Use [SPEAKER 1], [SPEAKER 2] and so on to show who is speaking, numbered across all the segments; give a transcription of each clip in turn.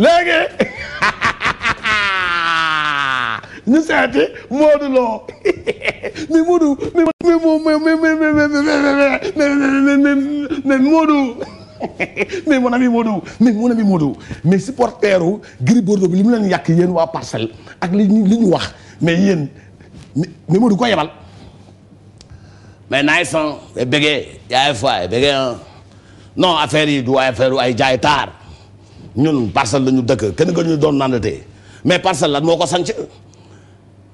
[SPEAKER 1] léegi ñu seeti Modou Lo mi Modou mi Modou mi Modou mais mon ami Modou mais mon ami Modou mais supporteru bi li mu leen yàq yéen waa parcelle ak li ñu li ñu wax mais yéen ko yebal mais naay san bëggee yaay fay bëggee non affaire yi du affaire ay jaay taar ñun parcelle la ñu dëkk kenn gën ñu doon naanatee mais parcelle lan moo ko sanc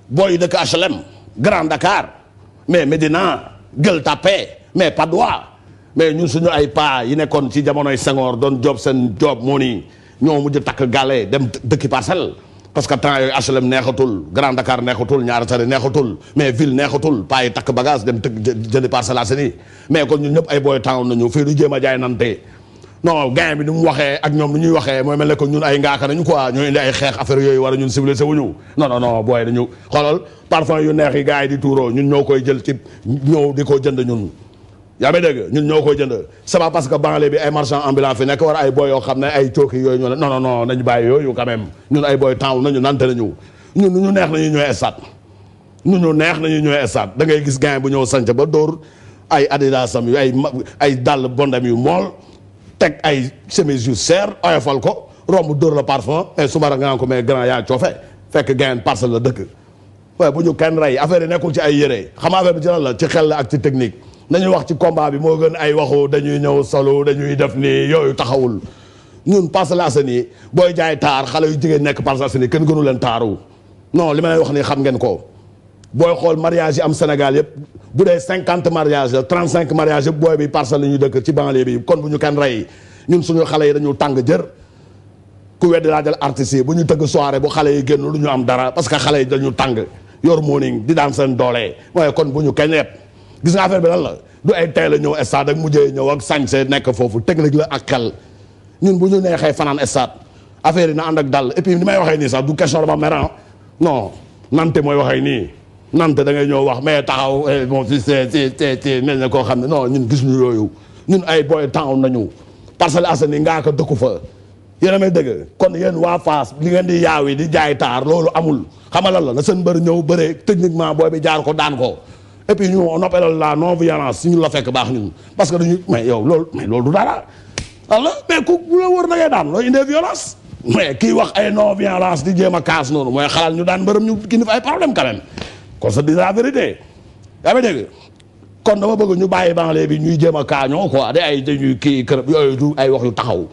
[SPEAKER 1] booy dëkk HLM Grand Dakar mais Médina Gueule Tapée mais Patte d'Oie mais ñun suñu ay paa yi nekkoon ci jamonoy Senghor doon job seen job moo nii ñoo mujj takk gàllee dem dëkki parcelle parce que temps yooyu HLM neexatul Grand Dakar neexatul ñaari tari neexatul mais ville neexatul paa yi takk bagage dem tëgg jëli Parcelles Assainies mais kon ñun ñëpp ay booy taw nañu fii du jéem a jaay nante non gain bi ni mu waxee ak ñoom ni ñuy waxee mooy mel ne que ñun ay ngaaka nañu quoi ñoo indi ay xeex affaire yooyu wala ñun civilisé wuñu non non non booy dañu xoolal parfum yu neex yi gars yi di tuuroo ñun ñoo koy jël ci ñëw di ko jënd ñun yaa ngi dégg ñun ñoo koy jënd c'est parce que banlieue bi ay marchand ambulant fi nekk war ay booy yoo xam ne ay cooki yooyu ñoo ne non non non nañu bàyyi yooyu quand même ñun ay booy temps nañu nante nañu ñun ñu neex nañu ñooy stade ñun ñu neex nañu ñooy da ngay gis gain bu ñëw sanc ba dóor ay adidas am yu ay ay dàll bondam yu mool teg ay chemise yu seer oyofal ko romb dóor la parfum et eh, su ma ngaa ko mais grand yaa coofe fekk gain parcelle la dëkk. waaye bu ñu kenn rey affaire yi nekkul ci ay yére xam affaire bi ci lan la ci xel la ak ci technique nañu wax ci combat bi moo gën ay waxu dañuy ñëw solo dañuy def nii yooyu taxawul. ñun Parcelles Assainies booy jaay taar xale yu jigéen nekk Parcelles Assainies kenn gënu leen taaru non li ma wax nii xam ngeen ko. booy xool mariage yi am Sénégal yëpp bu dee cinquante mariage la trente cinq mariage yëpp booy bi parcelle la ñuy dëkk ci banlieue bi kon bu ñu kenn rey ñun suñu xale yi dañu tàng jër ku wedd laa jël artistes yi bu ñu tëgg soire bu xale yi génn du ñu am dara parce que xale yi dañu tàng yor morning di daan seen doole waaye kon bu ñu kenn yëpp gis nga affaire bi lan du ay tey la ñëw stade ak mujjee ñëw ak sañse nekk foofu technique la ak xel ñun bu ñu neexee fanaan stade affaire yi na ànd ak dal et puis may waxee nii sax du question dama mer non nante mooy waxee nii nante da ngay ñëw wax mais taxaw eh, bon si c'est c'est c'est mel na koo xam ne non ñun gis ñu yooyu ñun ay booy town nañu Parcelles Assainies ngaa ko dëkku fa yéen a may kon yen waa Fass li ngeen di yaawi di jaay taar loolu amul xamalal la na seen mbër ñëw bëree techniquement booy bi jaar ko daan ko et puis ñu on appelle la non violence si ñu la fekk baax ñun parce que dañu mais yow loolu mais lool du dara walla mais ku la wër na ngay daan indee violence mais kii wax ay non violence di jéem a kaas noonu mooy xalal ñu daan mbërëm ñu kii ni fa ay kon sa dis la vérité yaa ngi dégg kon dama bëgg ñu bàyyi banlieue bi ñuy jéem a kaañoo quoi de ay dañuy kii kër yooyu du ay wax yu taxaw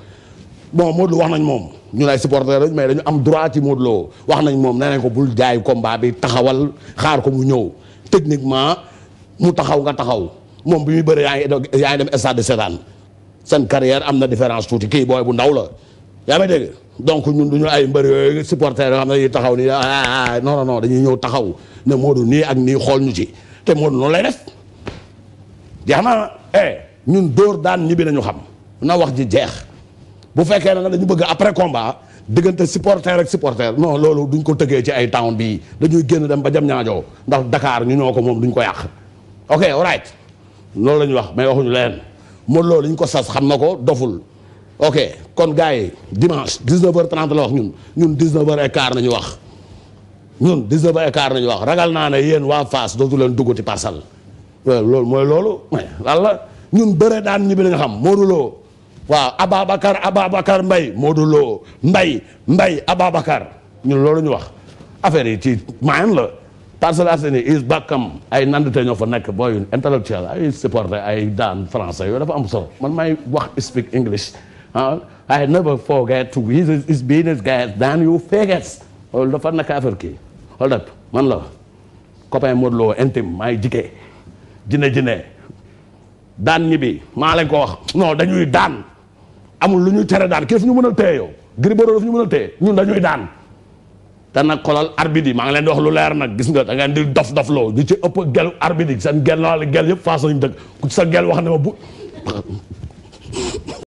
[SPEAKER 1] bon Modou wax nañ moom ñu lay supporter lañ mais dañu am droit ci Modou Lo wax nañ moom nee nañ ko bul jaay combat bi taxawal xaar ko mu ñëw techniquement mu taxaw nga taxaw moom bi muy bëri yaa ngi yaa ngi dem stade de sen seen carrière am na différence tuuti kii booy bu ndaw la yaa ngi dégg. donc ñun du ñu ay mbër yooyu supporter yoo xam ne yu taxaw ni ah, ah, ah non dañuy ñëw taxaw ne Modou nii ak nii xool ñu ci te Modou noonu lay def jeex na eh ñun dóor daan ñibbi nañu xam na wax ji jeex bu fekkee na dañu bëgg après combat diggante supporter ak supporter non loolu duñ ko tëggee ci ay temps bii dañuy génn dem ba jam ñaajoo ndax dakaar ñu ñoo ko moom duñ ko yàq ok all loolu la ñu wax mais waxuñu leen Modou loolu li ñu ko sas xam na ko doful. ok kon gars yi dimanche 19h30 la wax ñun ñun 19h15 nañu wax ñun 19h15 nañu wax ragal naa ne yéen waa Fass dootu leen duggati parcelle loolu mooy loolu walla ñun bëre daan ñibbi la nga xam Modou Lo waaw Ababacar Ababacar Mbaye Modou Lo Mbaye Ababacar ñun loolu ñu wax affaire yi ci maanaam la Parcelles Assainies is bakkam ay nandite ñoo fa nekk booy intellectuel ay supporter ay daan français yooyu dafa am solo man may wax speak English I never forget he's, he's been as guys you faggots loolu dafa nekk affaire man la copain Modou Lo intime maay jike jine jine daan ñibbi maa lañ ko wax non dañuy daan amul lu ñuy tere daan kii ñu mën a téye yow Gris Bordeaux fu ñu mën a téye dañuy daan te nag xolal arbitre maa ngi leen di wax lu leer nag gis nga da ngeen di dof dof loo ëpp gel arbitre yi seen gel naa la gel yëpp façon ñu sa gel wax ne ma bu